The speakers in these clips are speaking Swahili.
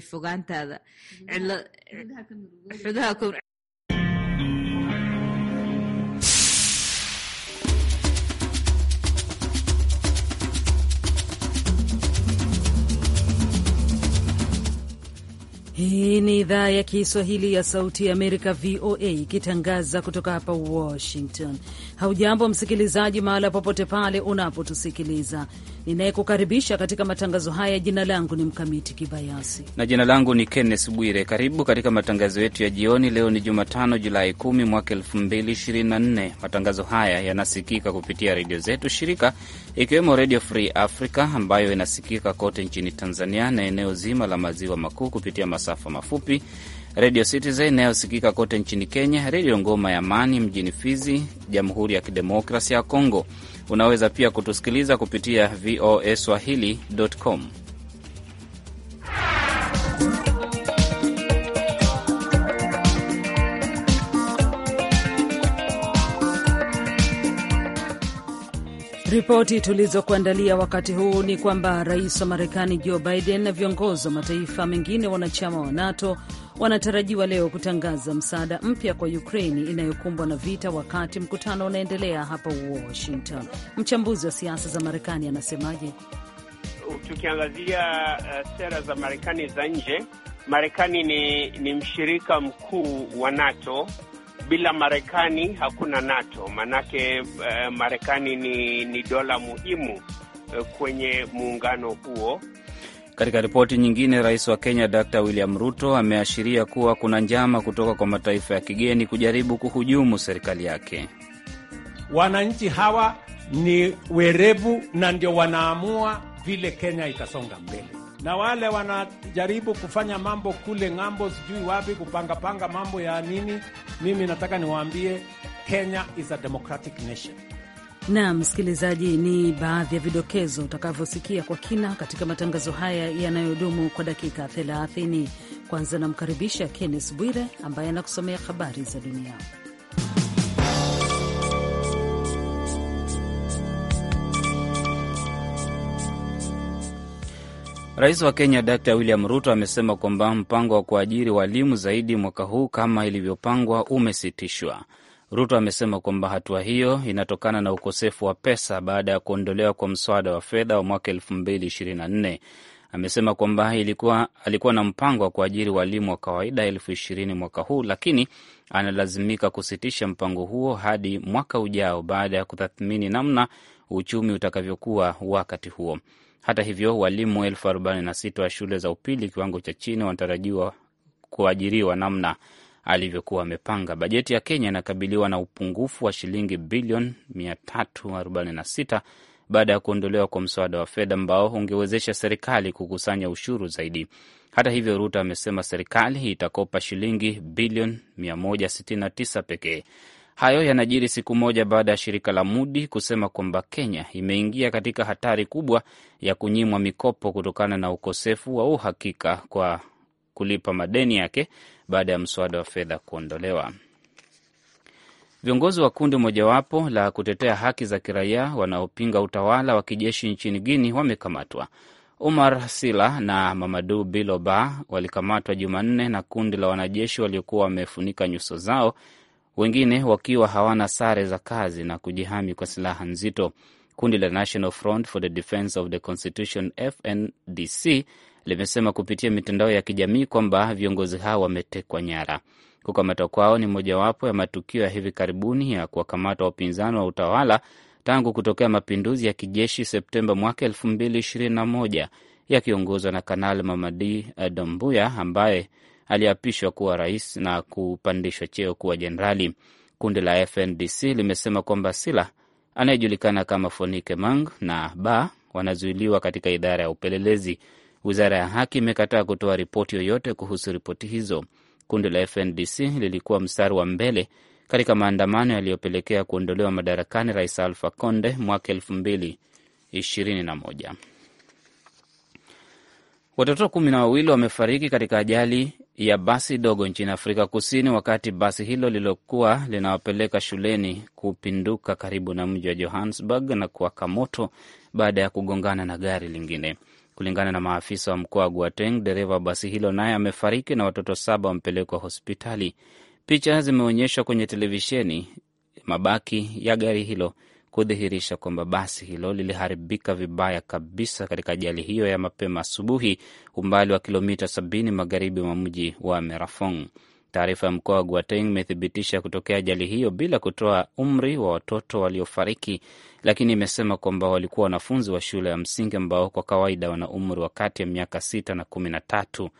fogaantaada Hii ni idhaa ya Kiswahili ya Sauti ya Amerika, VOA, ikitangaza kutoka hapa Washington. Haujambo msikilizaji, mahala popote pale unapotusikiliza. Ninayekukaribisha katika matangazo haya, jina langu ni Mkamiti Kibayasi na jina langu ni Kenneth Bwire. Karibu katika matangazo yetu ya jioni. Leo ni Jumatano, Julai 10 mwaka 2024. Matangazo haya yanasikika kupitia redio zetu shirika, ikiwemo Redio Free Africa ambayo inasikika kote nchini Tanzania na eneo zima la maziwa makuu kupitia masa masafa mafupi, Redio Citizen inayosikika kote nchini Kenya, Redio Ngoma ya Amani mjini Fizi, Jamhuri ya Kidemokrasia ya Kongo. Unaweza pia kutusikiliza kupitia voa swahili.com. Ripoti tulizokuandalia wakati huu ni kwamba rais wa Marekani Joe Biden na viongozi wa mataifa mengine wanachama wa NATO wanatarajiwa leo kutangaza msaada mpya kwa Ukraini inayokumbwa na vita, wakati mkutano unaendelea hapa Washington. Mchambuzi wa siasa za Marekani anasemaje? Tukiangazia uh, sera za Marekani za nje, Marekani ni, ni mshirika mkuu wa NATO bila Marekani hakuna NATO, maanake uh, eh, Marekani ni, ni dola muhimu uh, kwenye muungano huo. Katika ripoti nyingine, rais wa Kenya Dr William Ruto ameashiria kuwa kuna njama kutoka kwa mataifa ya kigeni kujaribu kuhujumu serikali yake. Wananchi hawa ni werevu na ndio wanaamua vile Kenya itasonga mbele, na wale wanajaribu kufanya mambo kule ng'ambo, sijui wapi, kupangapanga mambo ya nini, mimi nataka niwaambie Kenya is a democratic nation. Na msikilizaji, ni baadhi ya vidokezo utakavyosikia kwa kina katika matangazo haya yanayodumu kwa dakika 30. Kwanza namkaribisha kennes Bwire ambaye anakusomea habari za dunia. Rais wa Kenya Dr William Ruto amesema kwamba mpango wa kuajiri walimu zaidi mwaka huu kama ilivyopangwa umesitishwa. Ruto amesema kwamba hatua hiyo inatokana na ukosefu wa pesa baada ya kuondolewa kwa mswada wa fedha wa mwaka 2024. Amesema kwamba ilikuwa, alikuwa na mpango wa kuajiri walimu wa kawaida elfu ishirini mwaka huu, lakini analazimika kusitisha mpango huo hadi mwaka ujao baada ya kutathmini namna uchumi utakavyokuwa wakati huo. Hata hivyo, walimu elfu arobaini na sita wa shule za upili kiwango cha chini wanatarajiwa kuajiriwa namna alivyokuwa amepanga. Bajeti ya Kenya inakabiliwa na upungufu wa shilingi bilioni 346 baada ya kuondolewa kwa mswada wa fedha ambao ungewezesha serikali kukusanya ushuru zaidi. Hata hivyo, Ruto amesema serikali itakopa shilingi bilioni 169 pekee. Hayo yanajiri siku moja baada ya shirika la Mudi kusema kwamba Kenya imeingia katika hatari kubwa ya kunyimwa mikopo kutokana na ukosefu wa uhakika kwa kulipa madeni yake baada ya mswada wa fedha kuondolewa. Viongozi wa kundi mojawapo la kutetea haki za kiraia wanaopinga utawala wa kijeshi nchini Guini wamekamatwa. umar Sila na Mamadu Biloba walikamatwa Jumanne na kundi la wanajeshi waliokuwa wamefunika nyuso zao wengine wakiwa hawana sare za kazi na kujihami kwa silaha nzito. Kundi la National Front for the Defense of the Constitution FNDC limesema kupitia mitandao ya kijamii kwamba viongozi hao wametekwa nyara. Kukamatwa kwao ni mojawapo ya matukio ya hivi karibuni ya kuwakamata wapinzani wa utawala tangu kutokea mapinduzi ya kijeshi Septemba mwaka moja yakiongozwa na Kanali Mamadi dombuya ambaye aliapishwa kuwa rais na kupandishwa cheo kuwa jenerali. Kundi la FNDC limesema kwamba Sila anayejulikana kama Fonike Mang na Ba wanazuiliwa katika idara ya upelelezi. Wizara ya haki imekataa kutoa ripoti yoyote kuhusu ripoti hizo. Kundi la FNDC lilikuwa mstari wa mbele katika maandamano yaliyopelekea kuondolewa madarakani rais Alfa Conde mwaka elfu mbili ishirini na moja. Watoto kumi na wawili wamefariki katika ajali ya basi dogo nchini Afrika Kusini, wakati basi hilo lililokuwa linawapeleka shuleni kupinduka karibu na mji wa Johannesburg na kuwaka moto baada ya kugongana na gari lingine. Kulingana na maafisa wa mkoa wa Gauteng, dereva wa basi hilo naye amefariki na watoto saba wamepelekwa hospitali. Picha zimeonyeshwa kwenye televisheni, mabaki ya gari hilo kudhihirisha kwamba basi hilo liliharibika vibaya kabisa katika ajali hiyo ya mapema asubuhi, umbali wa kilomita 70 magharibi mwa mji wa Merafong. Taarifa ya mkoa wa Guateng imethibitisha kutokea ajali hiyo bila kutoa umri wa watoto waliofariki, lakini imesema kwamba walikuwa wanafunzi wa shule ya msingi ambao kwa kawaida wana umri wa kati ya miaka sita na kumi na tatu.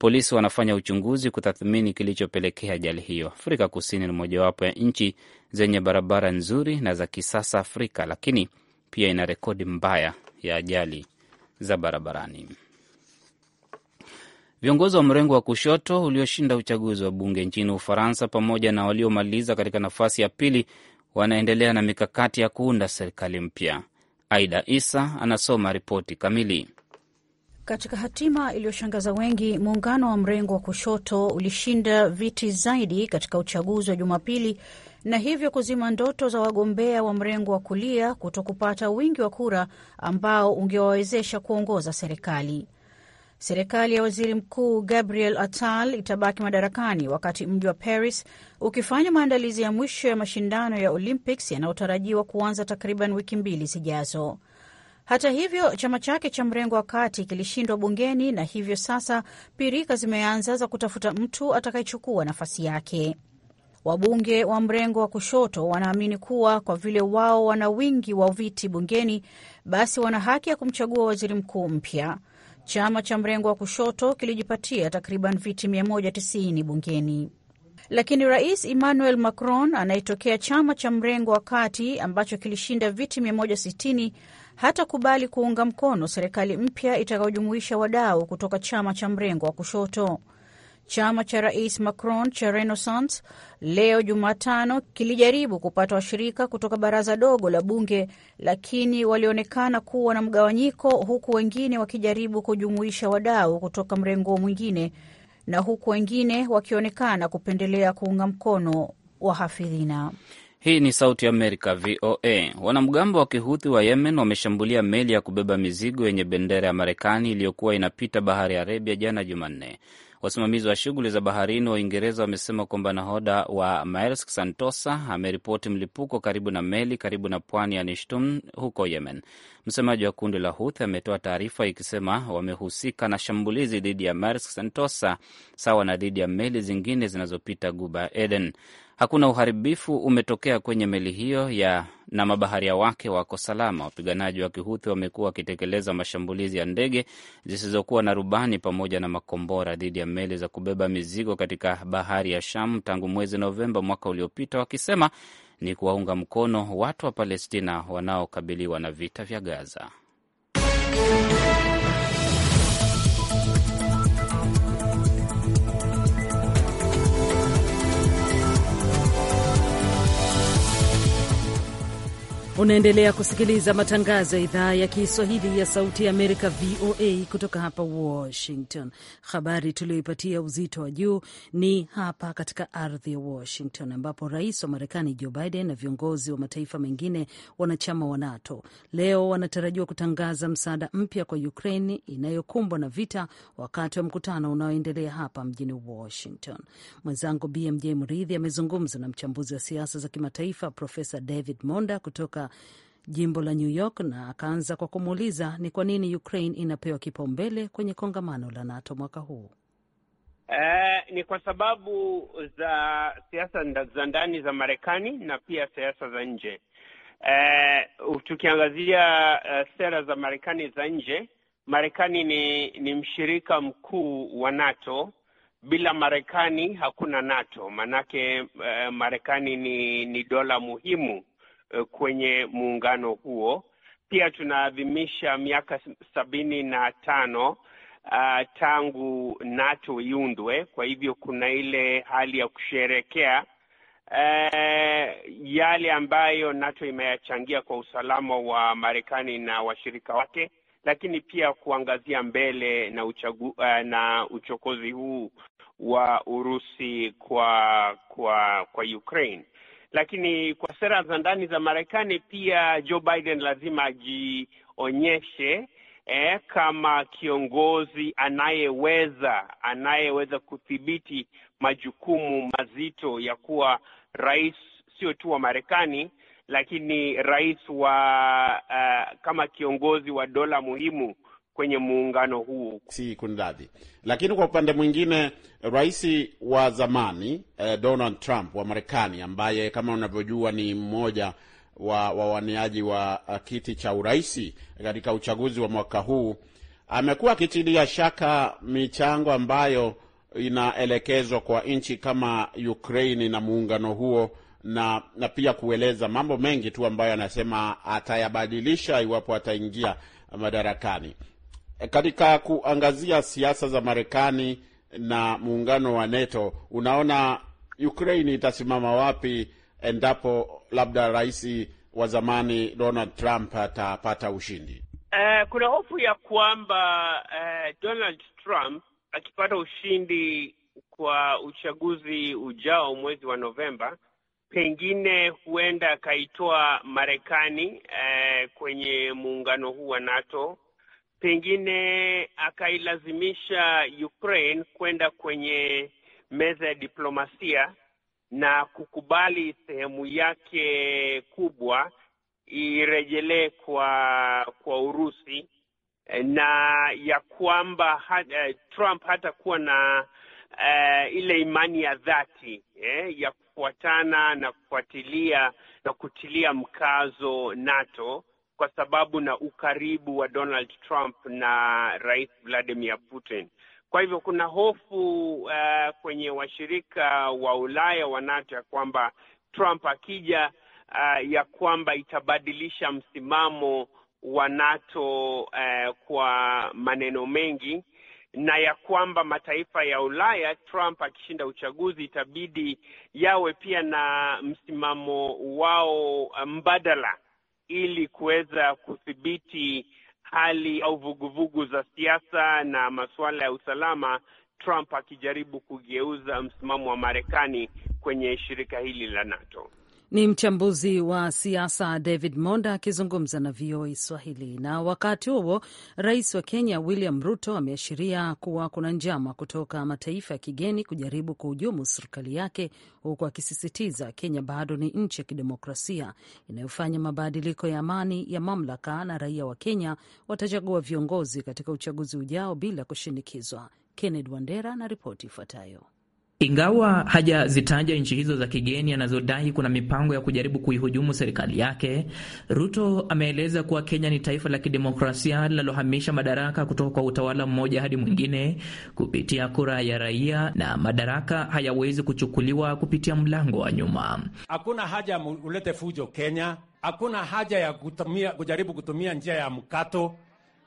Polisi wanafanya uchunguzi kutathmini kilichopelekea ajali hiyo. Afrika Kusini ni mojawapo ya nchi zenye barabara nzuri na za kisasa Afrika, lakini pia ina rekodi mbaya ya ajali za barabarani. Viongozi wa mrengo wa kushoto ulioshinda uchaguzi wa bunge nchini Ufaransa pamoja na waliomaliza katika nafasi ya pili wanaendelea na mikakati ya kuunda serikali mpya. Aida Isa anasoma ripoti kamili. Katika hatima iliyoshangaza wengi, muungano wa mrengo wa kushoto ulishinda viti zaidi katika uchaguzi wa Jumapili na hivyo kuzima ndoto za wagombea wa mrengo wa kulia kuto kupata wingi wa kura ambao ungewawezesha kuongoza serikali. Serikali ya waziri mkuu Gabriel Attal itabaki madarakani wakati mji wa Paris ukifanya maandalizi ya mwisho ya mashindano ya Olympics yanayotarajiwa kuanza takriban wiki mbili zijazo. Hata hivyo, chama chake cha mrengo wa kati kilishindwa bungeni na hivyo sasa pirika zimeanza za kutafuta mtu atakayechukua nafasi yake. Wabunge wa mrengo wa kushoto wanaamini kuwa kwa vile wao wana wingi wa viti bungeni, basi wana haki ya kumchagua waziri mkuu mpya. Chama cha mrengo wa kushoto kilijipatia takriban viti 190 bungeni, lakini rais Emmanuel Macron anayetokea chama cha mrengo wa kati ambacho kilishinda viti 160 hatakubali kuunga mkono serikali mpya itakayojumuisha wadau kutoka chama cha mrengo wa kushoto. Chama cha rais Macron cha Renaissance leo Jumatano kilijaribu kupata washirika kutoka baraza dogo la bunge, lakini walionekana kuwa na mgawanyiko, huku wengine wakijaribu kujumuisha wadau kutoka mrengo mwingine na huku wengine wakionekana kupendelea kuunga mkono wahafidhina. Hii ni Sauti Amerika, VOA. Wanamgambo wa kihuthi wa Yemen wameshambulia meli ya kubeba mizigo yenye bendera ya Marekani iliyokuwa inapita bahari ya Arabia jana Jumanne. Wasimamizi wa shughuli za baharini wa Uingereza wamesema kwamba nahoda wa Maersk Santosa ameripoti mlipuko karibu na meli karibu na pwani ya Nishtun huko Yemen. Msemaji wa kundi la huth ametoa taarifa ikisema wamehusika na shambulizi dhidi ya Maersk Sentosa sawa na dhidi ya meli zingine zinazopita guba Eden. Hakuna uharibifu umetokea kwenye meli hiyo ya na mabaharia wake wako salama. Wapiganaji wa Kihuthi wamekuwa wakitekeleza mashambulizi ya ndege zisizokuwa na rubani pamoja na makombora dhidi ya meli za kubeba mizigo katika bahari ya sham tangu mwezi Novemba mwaka uliopita, wakisema ni kuwaunga mkono watu wa Palestina wanaokabiliwa na vita vya Gaza. Unaendelea kusikiliza matangazo ya idhaa ya Kiswahili ya Sauti ya Amerika, VOA, kutoka hapa Washington. Habari tuliyoipatia uzito wa juu ni hapa katika ardhi ya Washington, ambapo rais wa Marekani Joe Biden na viongozi wa mataifa mengine wanachama wa NATO leo wanatarajiwa kutangaza msaada mpya kwa Ukraine inayokumbwa na vita, wakati wa mkutano unaoendelea hapa mjini Washington. Mwenzangu BMJ Mridhi amezungumza na mchambuzi wa siasa za kimataifa Profesa David Monda kutoka jimbo la New York na akaanza kwa kumuuliza ni kwa nini Ukraine inapewa kipaumbele kwenye kongamano la NATO mwaka huu. Eh, ni kwa sababu za siasa za ndani za Marekani na pia siasa za nje. Eh, tukiangazia uh, sera za Marekani za nje, Marekani ni, ni mshirika mkuu wa NATO. Bila Marekani hakuna NATO, maanake uh, eh, Marekani ni, ni dola muhimu Eh, kwenye muungano huo. Pia tunaadhimisha miaka sabini na tano uh, tangu NATO iundwe. Kwa hivyo kuna ile hali ya kusherekea uh, yale ambayo NATO imeyachangia kwa usalama wa Marekani na washirika wake, lakini pia kuangazia mbele na uchagu, uh, na uchokozi huu wa Urusi kwa kwa kwa Ukraine lakini kwa sera za ndani za Marekani pia Joe Biden lazima ajionyeshe eh, kama kiongozi anayeweza anayeweza kudhibiti majukumu mazito ya kuwa rais sio tu wa Marekani lakini rais wa uh, kama kiongozi wa dola muhimu kwenye muungano huu, si kunradhi. Lakini kwa upande mwingine, rais wa zamani eh, Donald Trump wa Marekani ambaye kama unavyojua ni mmoja wa wawaniaji wa eh, kiti cha uraisi katika uchaguzi wa mwaka huu amekuwa akitilia shaka michango ambayo inaelekezwa kwa nchi kama Ukraini na muungano huo na, na pia kueleza mambo mengi tu ambayo anasema atayabadilisha iwapo ataingia madarakani. Eh, katika kuangazia siasa za Marekani na muungano wa NATO, unaona Ukraine itasimama wapi endapo labda rais wa zamani Donald Trump atapata ushindi? Uh, kuna hofu ya kwamba uh, Donald Trump akipata ushindi kwa uchaguzi ujao mwezi wa Novemba, pengine huenda akaitoa Marekani uh, kwenye muungano huu wa NATO pengine akailazimisha Ukraine kwenda kwenye meza ya diplomasia na kukubali sehemu yake kubwa irejelee kwa kwa Urusi eh, na ya kwamba ha, eh, Trump hatakuwa na uh, ile imani ya dhati eh, ya kufuatana na kufuatilia na kutilia mkazo NATO kwa sababu na ukaribu wa Donald Trump na Rais Vladimir Putin. Kwa hivyo kuna hofu uh, kwenye washirika wa Ulaya wa NATO ya kwamba Trump akija, uh, ya kwamba itabadilisha msimamo wa NATO uh, kwa maneno mengi na ya kwamba mataifa ya Ulaya, Trump akishinda uchaguzi, itabidi yawe pia na msimamo wao uh, mbadala ili kuweza kudhibiti hali au vuguvugu za siasa na masuala ya usalama, Trump akijaribu kugeuza msimamo wa Marekani kwenye shirika hili la NATO. Ni mchambuzi wa siasa David Monda akizungumza na VOA Swahili. Na wakati huo rais wa Kenya William Ruto ameashiria kuwa kuna njama kutoka mataifa ya kigeni kujaribu kuhujumu serikali yake, huku akisisitiza Kenya bado ni nchi ya kidemokrasia inayofanya mabadiliko ya amani ya mamlaka, na raia wa Kenya watachagua viongozi katika uchaguzi ujao bila kushinikizwa. Kenneth Wandera na ripoti ifuatayo. Ingawa hajazitaja nchi hizo za kigeni anazodai kuna mipango ya kujaribu kuihujumu serikali yake, Ruto ameeleza kuwa Kenya ni taifa la kidemokrasia linalohamisha madaraka kutoka kwa utawala mmoja hadi mwingine kupitia kura ya raia, na madaraka hayawezi kuchukuliwa kupitia mlango wa nyuma. Hakuna haja ya ulete fujo Kenya, hakuna haja ya kutumia, kujaribu kutumia njia ya mkato.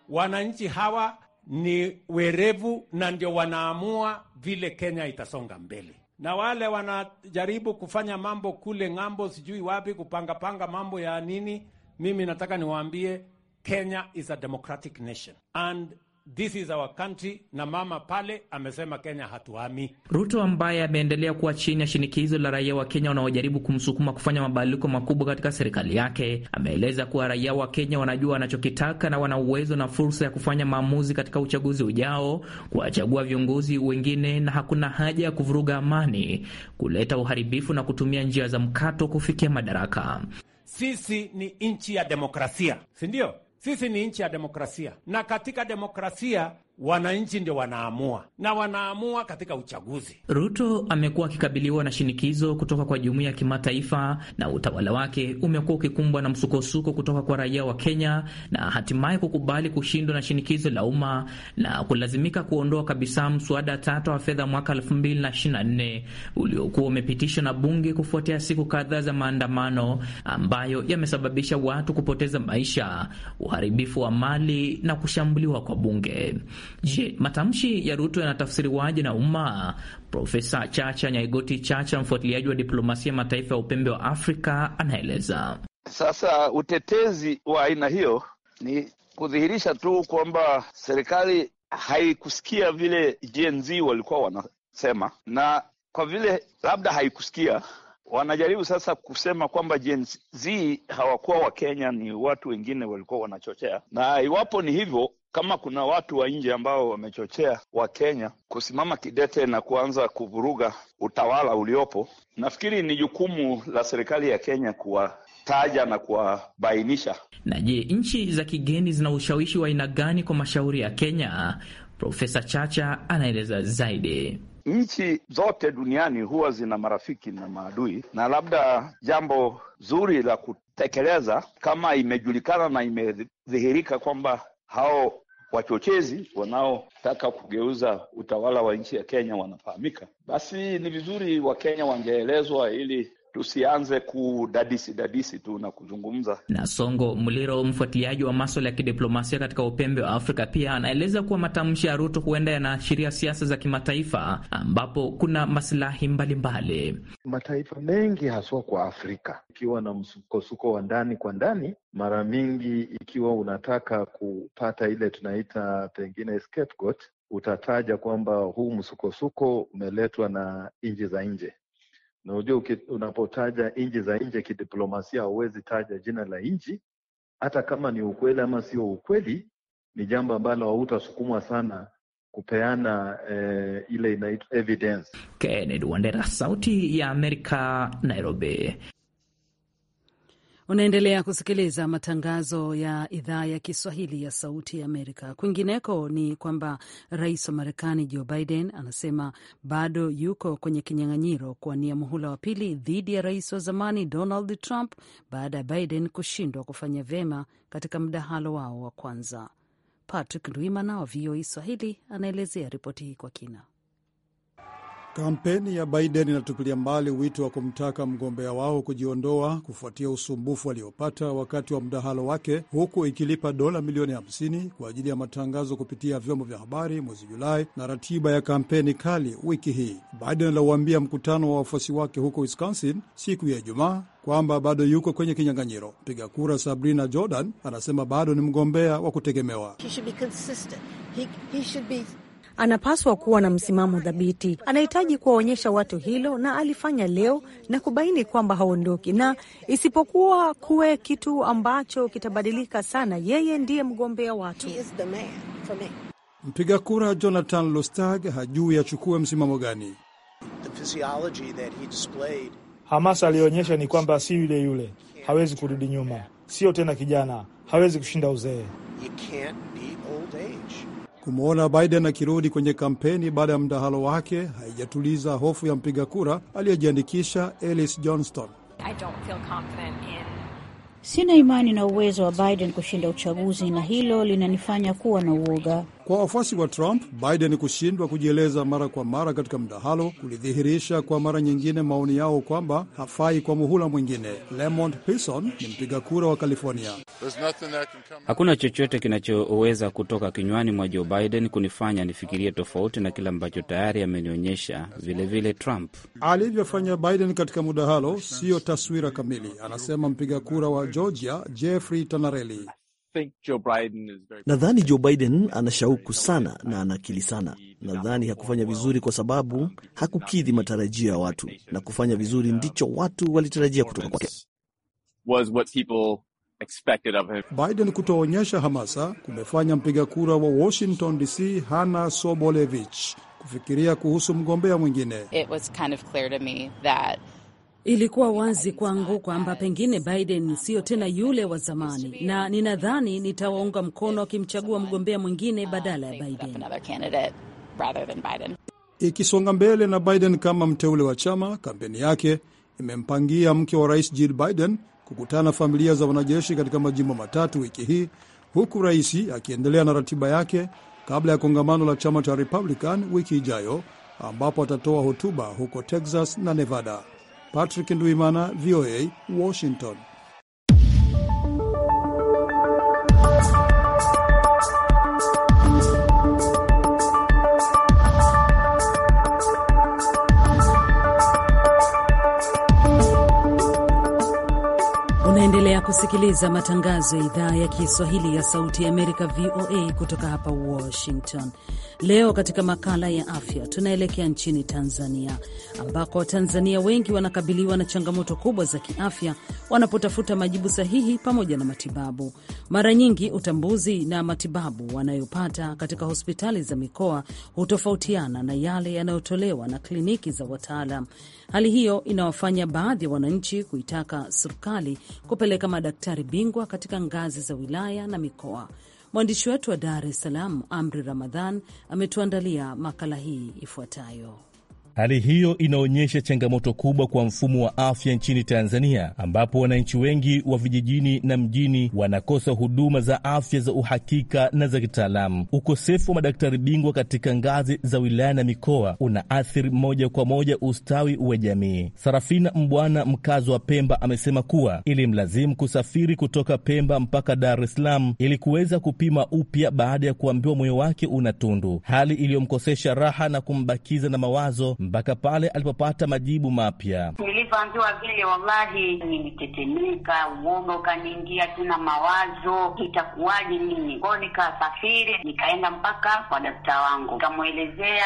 Wananchi hawa ni werevu na ndio wanaamua vile Kenya itasonga mbele, na wale wanajaribu kufanya mambo kule ng'ambo, sijui wapi, kupangapanga mambo ya nini. Mimi nataka niwaambie Kenya is a democratic nation and This is our country na mama pale amesema Kenya hatuami. Ruto ambaye ameendelea kuwa chini ya shinikizo la raia wa Kenya wanaojaribu kumsukuma kufanya mabadiliko makubwa katika serikali yake, ameeleza kuwa raia wa Kenya wanajua wanachokitaka na wana uwezo na fursa ya kufanya maamuzi katika uchaguzi ujao, kuwachagua viongozi wengine, na hakuna haja ya kuvuruga amani, kuleta uharibifu na kutumia njia za mkato kufikia madaraka. Sisi ni nchi ya demokrasia, si ndio? Sisi ni nchi ya demokrasia, na katika demokrasia wananchi ndio wanaamua na wanaamua katika uchaguzi. Ruto amekuwa akikabiliwa na shinikizo kutoka kwa jumuiya ya kimataifa na utawala wake umekuwa ukikumbwa na msukosuko kutoka kwa raia wa Kenya na hatimaye kukubali kushindwa na shinikizo la umma na kulazimika kuondoa kabisa mswada tata wa fedha mwaka 2024 uliokuwa umepitishwa na bunge kufuatia siku kadhaa za maandamano ambayo yamesababisha watu kupoteza maisha, uharibifu wa mali na kushambuliwa kwa bunge. Je, matamshi ya Ruto yanatafsiriwaje na umma? Profesa Chacha Nyaigoti Chacha, mfuatiliaji wa diplomasia mataifa ya upembe wa Afrika, anaeleza. Sasa utetezi wa aina hiyo ni kudhihirisha tu kwamba serikali haikusikia vile Gen Z walikuwa wanasema, na kwa vile labda haikusikia wanajaribu sasa kusema kwamba Gen Z hawakuwa Wakenya, ni watu wengine walikuwa wanachochea. Na iwapo ni hivyo, kama kuna watu wa nje ambao wamechochea wa kenya kusimama kidete na kuanza kuvuruga utawala uliopo, nafikiri ni jukumu la serikali ya Kenya kuwataja na kuwabainisha. Na je, nchi za kigeni zina ushawishi wa aina gani kwa mashauri ya Kenya? Profesa Chacha anaeleza zaidi. Nchi zote duniani huwa zina marafiki na maadui, na labda jambo zuri la kutekeleza kama imejulikana na imedhihirika kwamba hao wachochezi wanaotaka kugeuza utawala wa nchi ya Kenya wanafahamika, basi ni vizuri Wakenya wangeelezwa ili tusianze kudadisi dadisi tu na kuzungumza. Na Songo Mliro, mfuatiliaji wa maswala ya kidiplomasia katika upembe wa Afrika, pia anaeleza kuwa matamshi ya Ruto huenda yanaashiria siasa za kimataifa ambapo kuna masilahi mbalimbali. Mataifa mengi haswa kwa Afrika, ikiwa na msukosuko wa ndani kwa ndani, mara mingi ikiwa unataka kupata ile tunaita pengine scapegoat, utataja kwamba huu msukosuko umeletwa na nchi za nje na unajua unapotaja nchi za nje kidiplomasia hauwezi taja jina la nchi, hata kama ni ukweli ama sio ukweli, ni jambo ambalo hautasukumwa sana kupeana eh, ile inaitwa evidence. Kennedy Wandera, Sauti ya Amerika, Nairobi. Unaendelea kusikiliza matangazo ya idhaa ya Kiswahili ya Sauti ya Amerika. Kwingineko ni kwamba rais wa Marekani Joe Biden anasema bado yuko kwenye kinyang'anyiro kuwania muhula wa pili dhidi ya rais wa zamani Donald Trump baada ya Biden kushindwa kufanya vyema katika mdahalo wao wa kwanza. Patrick Ndwimana wa VOA Swahili anaelezea ripoti hii kwa kina. Kampeni ya Biden inatupilia mbali wito wa kumtaka mgombea wao kujiondoa kufuatia usumbufu aliopata wakati wa mdahalo wake, huku ikilipa dola milioni 50 kwa ajili ya matangazo kupitia vyombo vya habari mwezi Julai na ratiba ya kampeni kali wiki hii. Biden aliuambia mkutano wa wafuasi wake huko Wisconsin siku ya Ijumaa kwamba bado yuko kwenye kinyang'anyiro. Mpiga kura Sabrina Jordan anasema bado ni mgombea wa kutegemewa. He anapaswa kuwa na msimamo dhabiti, anahitaji kuwaonyesha watu hilo, na alifanya leo na kubaini kwamba haondoki, na isipokuwa kuwe kitu ambacho kitabadilika sana, yeye ndiye mgombea watu. Mpiga kura Jonathan Lustag hajui achukue msimamo gani. Hamasa aliyoonyesha ni kwamba si yule yule, hawezi kurudi nyuma, sio tena kijana, hawezi kushinda uzee. Kumwona Biden akirudi kwenye kampeni baada ya mdahalo wake haijatuliza hofu ya mpiga kura aliyejiandikisha Alice Johnston. Sina imani na uwezo wa Biden kushinda uchaguzi na hilo linanifanya kuwa na uoga. Kwa wafuasi wa Trump, Biden kushindwa kujieleza mara kwa mara katika mdahalo kulidhihirisha kwa mara nyingine maoni yao kwamba hafai kwa muhula mwingine. Lemond Pison ni mpiga kura wa California. Hakuna chochote kinachoweza kutoka kinywani mwa Joe Biden kunifanya nifikirie tofauti na kile ambacho tayari amenionyesha. Vilevile Trump alivyofanya Biden katika mdahalo siyo taswira kamili, anasema mpiga kura wa Georgia Jeffrey Tanarelli. Nadhani Joe Biden ana shauku sana na ana akili sana. Nadhani hakufanya vizuri kwa sababu hakukidhi matarajio ya watu, na kufanya vizuri uh, ndicho watu walitarajia kutoka kwake. Biden kutoonyesha hamasa kumefanya mpiga kura wa Washington DC Hana Sobolevich kufikiria kuhusu mgombea mwingine. It was kind of clear to me that Ilikuwa wazi kwangu kwamba pengine Biden siyo tena yule wa zamani, na ninadhani nitawaunga mkono akimchagua mgombea mwingine badala ya Biden. Ikisonga mbele na Biden kama mteule wa chama, kampeni yake imempangia mke wa rais Jill Biden kukutana familia za wanajeshi katika majimbo matatu wiki hii, huku rais akiendelea na ratiba yake kabla ya kongamano la chama cha Republican wiki ijayo, ambapo atatoa hotuba huko Texas na Nevada. Patrick Nduimana, VOA, Washington. kusikiliza matangazo ya idhaa ya Kiswahili ya Sauti ya Amerika, VOA, kutoka hapa Washington. Leo katika makala ya afya tunaelekea nchini Tanzania, ambako Watanzania wengi wanakabiliwa na changamoto kubwa za kiafya wanapotafuta majibu sahihi pamoja na matibabu. Mara nyingi utambuzi na matibabu wanayopata katika hospitali za mikoa hutofautiana na yale yanayotolewa na kliniki za wataalam. Hali hiyo inawafanya baadhi ya wananchi kuitaka serikali kupeleka madaktari bingwa katika ngazi za wilaya na mikoa. Mwandishi wetu wa Dar es Salaam, Amri Ramadhan, ametuandalia makala hii ifuatayo. Hali hiyo inaonyesha changamoto kubwa kwa mfumo wa afya nchini Tanzania, ambapo wananchi wengi wa vijijini na mjini wanakosa huduma za afya za uhakika na za kitaalamu. Ukosefu wa madaktari bingwa katika ngazi za wilaya na mikoa unaathiri moja kwa moja ustawi wa jamii. Sarafina Mbwana, mkazi wa Pemba, amesema kuwa ilimlazimu kusafiri kutoka Pemba mpaka Dar es Salaam ili kuweza kupima upya baada ya kuambiwa moyo wake una tundu, hali iliyomkosesha raha na kumbakiza na mawazo mpaka pale alipopata majibu mapya. Nilivyoambiwa vile, wallahi nilitetemeka, uoga ukaniingia, tuna mawazo itakuwaje nini kwao. Nikasafiri nikaenda mpaka kwa dakta wangu, nikamwelezea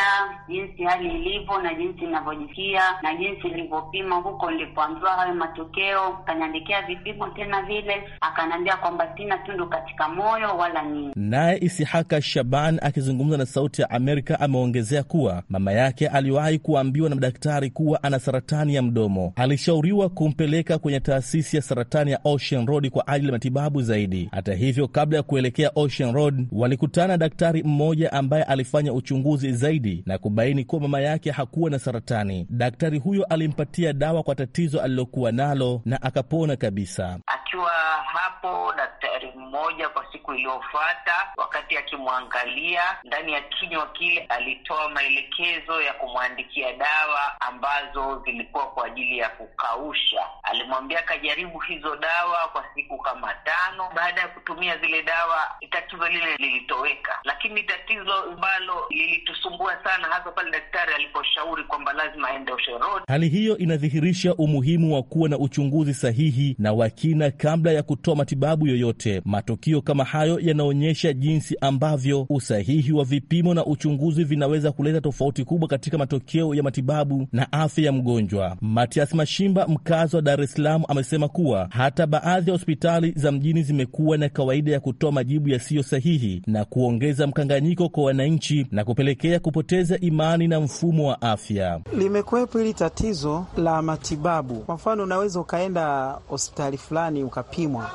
jinsi hali ilivyo na jinsi inavyojisikia na jinsi nilivyopima huko, nilipoambiwa hayo matokeo. Akaniandikia vipimo tena vile, akaniambia kwamba sina tundu katika moyo wala nini. Naye Isihaka Shaban akizungumza na Sauti ya Amerika ameongezea kuwa mama yake aliwahi kuambiwa na daktari kuwa ana saratani ya mdomo, alishauriwa kumpeleka kwenye taasisi ya saratani ya Ocean Road kwa ajili ya matibabu zaidi. Hata hivyo, kabla ya kuelekea Ocean Road, walikutana na daktari mmoja ambaye alifanya uchunguzi zaidi na kubaini kuwa mama yake hakuwa na saratani. Daktari huyo alimpatia dawa kwa tatizo alilokuwa nalo na akapona kabisa. Akiwa hapo daktari daktari moja kwa siku iliyofuata. Wakati akimwangalia ndani ya kinywa kile, alitoa maelekezo ya kumwandikia dawa ambazo zilikuwa kwa ajili ya kukausha. Alimwambia akajaribu hizo dawa kwa siku kama tano. Baada ya kutumia zile dawa, tatizo lile lilitoweka, lakini tatizo ambalo lilitusumbua sana, hasa pale daktari aliposhauri kwamba lazima aende Usheroti. Hali hiyo inadhihirisha umuhimu wa kuwa na uchunguzi sahihi na wa kina kabla ya kutoa matibabu yoyote yote, matukio kama hayo yanaonyesha jinsi ambavyo usahihi wa vipimo na uchunguzi vinaweza kuleta tofauti kubwa katika matokeo ya matibabu na afya ya mgonjwa. Matias Mashimba, mkazi wa Dar es Salaam, amesema kuwa hata baadhi ya hospitali za mjini zimekuwa na kawaida ya kutoa majibu yasiyo sahihi na kuongeza mkanganyiko kwa wananchi na kupelekea kupoteza imani na mfumo wa afya. Limekuwepo hili tatizo la matibabu. Kwa mfano, unaweza ukaenda hospitali fulani ukapimwa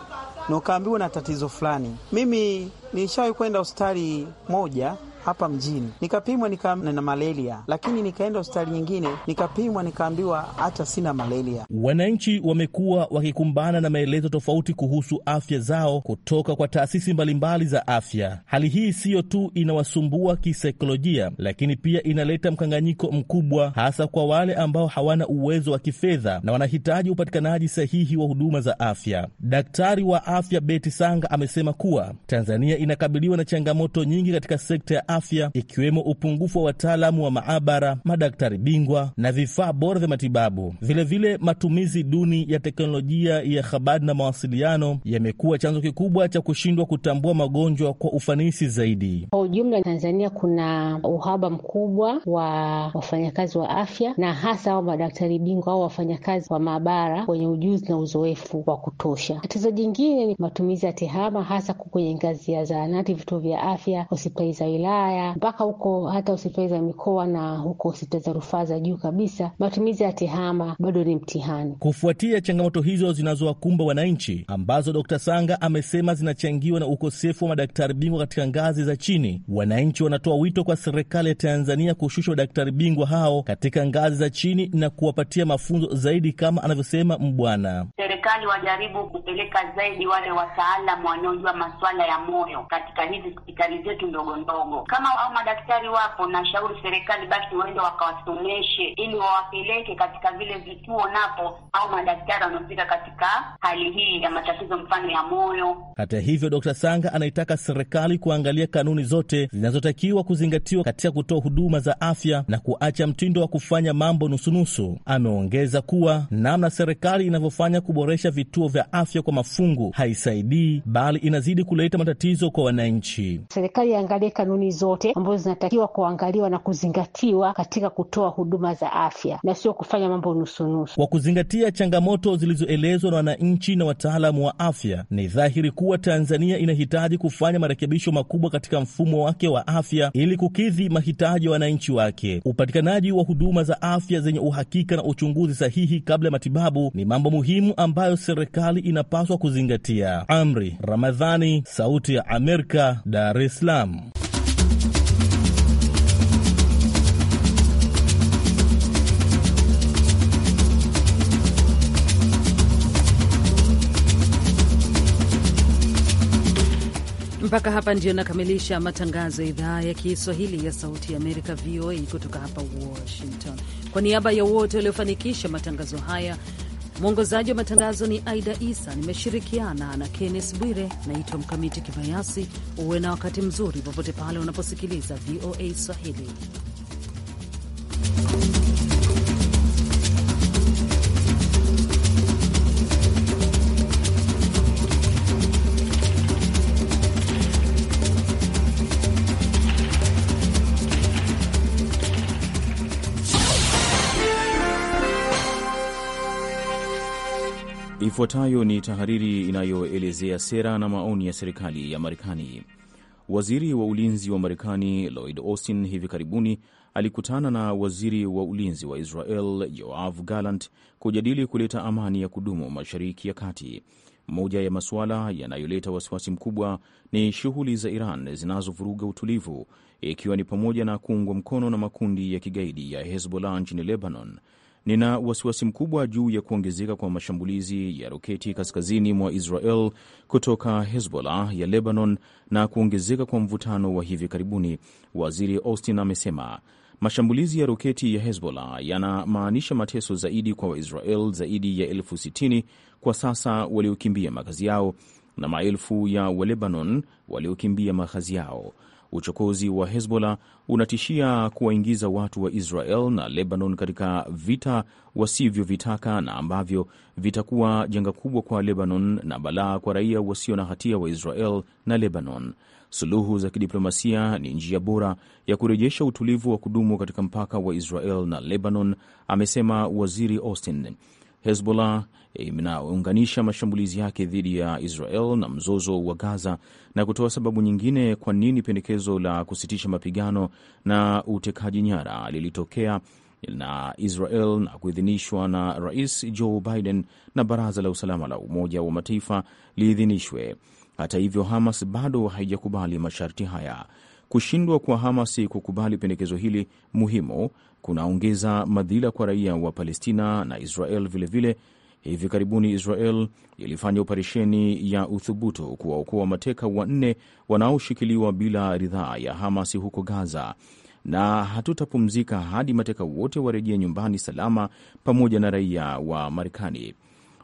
na ukaambiwa na tatizo fulani. Mimi nishawahi kwenda hospitali moja hapa mjini, nikapimwa nika na malaria, lakini nikaenda hospitali nyingine nikapimwa, nikaambiwa hata sina malaria. Wananchi wamekuwa wakikumbana na maelezo tofauti kuhusu afya zao kutoka kwa taasisi mbalimbali za afya. Hali hii siyo tu inawasumbua kisaikolojia, lakini pia inaleta mkanganyiko mkubwa, hasa kwa wale ambao hawana uwezo wa kifedha na wanahitaji upatikanaji sahihi wa huduma za afya. Daktari wa afya Beti Sanga amesema kuwa Tanzania inakabiliwa na changamoto nyingi katika sekta ya afya ikiwemo upungufu wa wataalamu wa maabara, madaktari bingwa na vifaa bora vya matibabu. Vilevile vile matumizi duni ya teknolojia ya habari na mawasiliano yamekuwa chanzo kikubwa cha kushindwa kutambua magonjwa kwa ufanisi zaidi. Kwa ujumla, Tanzania kuna uhaba mkubwa wa wafanyakazi wa afya na hasa wa madaktari bingwa au wafanyakazi wa maabara wenye ujuzi na uzoefu wa kutosha. Tatizo jingine ni matumizi ya tehama hasa kwenye ngazi ya zahanati, vituo vya afya, hospitali za wilaya wilaya mpaka huko hata hospitali za mikoa na huko hospitali za rufaa za juu kabisa, matumizi ya tehama bado ni mtihani, kufuatia changamoto hizo zinazowakumba wananchi ambazo d Sanga amesema zinachangiwa na ukosefu wa madaktari bingwa katika ngazi za chini. Wananchi wanatoa wito kwa serikali ya Tanzania kushusha madaktari bingwa hao katika ngazi za chini na kuwapatia mafunzo zaidi, kama anavyosema Mbwana. Serikali wajaribu kupeleka zaidi wale wataalam wanaojua masuala ya moyo katika hizi hospitali zetu ndogo ndogo kama au madaktari wapo, nashauri serikali basi waende wakawasomeshe, ili wawapeleke katika vile vituo napo, au madaktari wanaofika katika hali hii ya matatizo mfano ya moyo. Hata hivyo, d Sanga anaitaka serikali kuangalia kanuni zote zinazotakiwa kuzingatiwa katika kutoa huduma za afya na kuacha mtindo wa kufanya mambo nusunusu. Ameongeza kuwa namna serikali inavyofanya kuboresha vituo vya afya kwa mafungu haisaidii, bali inazidi kuleta matatizo kwa wananchi. Serikali iangalie kanuni zote ambazo zinatakiwa kuangaliwa na kuzingatiwa katika kutoa huduma za afya na sio kufanya mambo nusunusu. Kwa kuzingatia changamoto zilizoelezwa na wananchi na wataalamu wa afya, ni dhahiri kuwa Tanzania inahitaji kufanya marekebisho makubwa katika mfumo wake wa afya ili kukidhi mahitaji ya wananchi wake. Upatikanaji wa huduma za afya zenye uhakika na uchunguzi sahihi kabla ya matibabu ni mambo muhimu ambayo serikali inapaswa kuzingatia. Amri Ramadhani, Sauti ya Amerika, Dar es Salaam. Mpaka hapa ndio nakamilisha matangazo ya idhaa ya Kiswahili ya Sauti ya Amerika, VOA, kutoka hapa Washington. Kwa niaba ya wote waliofanikisha matangazo haya, mwongozaji wa matangazo ni Aida Isa, nimeshirikiana na Kennes Bwire. Naitwa Mkamiti Kibayasi. Uwe na wakati mzuri popote pale unaposikiliza VOA Swahili. Ifuatayo ni tahariri inayoelezea sera na maoni ya serikali ya Marekani. Waziri wa ulinzi wa Marekani Lloyd Austin hivi karibuni alikutana na waziri wa ulinzi wa Israel Yoav Gallant kujadili kuleta amani ya kudumu Mashariki ya Kati. Moja ya masuala yanayoleta wasiwasi mkubwa ni shughuli za Iran zinazovuruga utulivu, ikiwa ni pamoja na kuungwa mkono na makundi ya kigaidi ya Hezbollah nchini Lebanon. Nina wasiwasi mkubwa juu ya kuongezeka kwa mashambulizi ya roketi kaskazini mwa Israel kutoka Hezbollah ya Lebanon na kuongezeka kwa mvutano wa hivi karibuni, Waziri Austin amesema. Mashambulizi ya roketi ya Hezbollah yanamaanisha mateso zaidi kwa Waisrael zaidi ya elfu sitini kwa sasa waliokimbia makazi yao na maelfu ya Walebanon waliokimbia makazi yao. Uchokozi wa Hezbollah unatishia kuwaingiza watu wa Israel na Lebanon katika vita wasivyovitaka na ambavyo vitakuwa janga kubwa kwa Lebanon na balaa kwa raia wasio na hatia wa Israel na Lebanon. Suluhu za kidiplomasia ni njia bora ya kurejesha utulivu wa kudumu katika mpaka wa Israel na Lebanon, amesema Waziri Austin. Hezbollah inaunganisha mashambulizi yake dhidi ya Israel na mzozo wa Gaza na kutoa sababu nyingine kwa nini pendekezo la kusitisha mapigano na utekaji nyara lilitokea na Israel na kuidhinishwa na Rais Joe Biden na Baraza la Usalama la Umoja wa Mataifa liidhinishwe. Hata hivyo, Hamas bado haijakubali masharti haya. Kushindwa kwa Hamas kukubali pendekezo hili muhimu kunaongeza madhila kwa raia wa Palestina na Israel vilevile vile. Hivi karibuni Israel ilifanya operesheni ya uthubutu kuwaokoa mateka wanne wanaoshikiliwa bila ridhaa ya Hamas huko Gaza. Na hatutapumzika hadi mateka wote warejee nyumbani salama, pamoja na raia wa Marekani,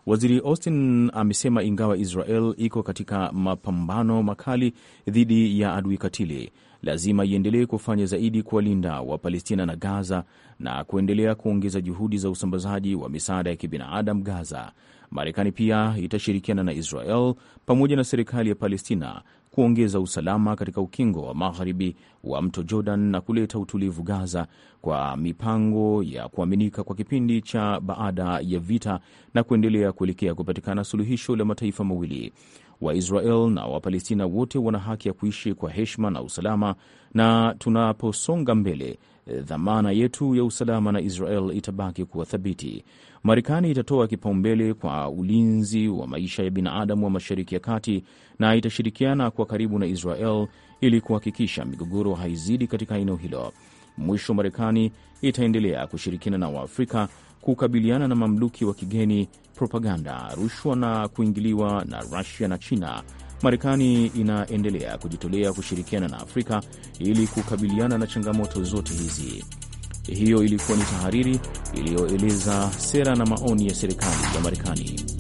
Waziri Austin amesema. Ingawa Israel iko katika mapambano makali dhidi ya adui katili, lazima iendelee kufanya zaidi kuwalinda Wapalestina na Gaza na kuendelea kuongeza juhudi za usambazaji wa misaada ya kibinadamu Gaza. Marekani pia itashirikiana na Israel pamoja na serikali ya Palestina kuongeza usalama katika ukingo wa magharibi wa mto Jordan na kuleta utulivu Gaza kwa mipango ya kuaminika kwa kipindi cha baada ya vita na kuendelea kuelekea kupatikana suluhisho la mataifa mawili. Waisrael na Wapalestina wote wana haki ya kuishi kwa heshima na usalama, na tunaposonga mbele, eh, dhamana yetu ya usalama na Israel itabaki kuwa thabiti. Marekani itatoa kipaumbele kwa ulinzi wa maisha ya binadamu wa Mashariki ya Kati na itashirikiana kwa karibu na Israel ili kuhakikisha migogoro haizidi katika eneo hilo. Mwisho, Marekani itaendelea kushirikiana na Waafrika kukabiliana na mamluki wa kigeni, propaganda, rushwa na kuingiliwa na Rusia na China. Marekani inaendelea kujitolea kushirikiana na Afrika ili kukabiliana na changamoto zote hizi. Hiyo ilikuwa ni tahariri iliyoeleza sera na maoni ya serikali ya Marekani.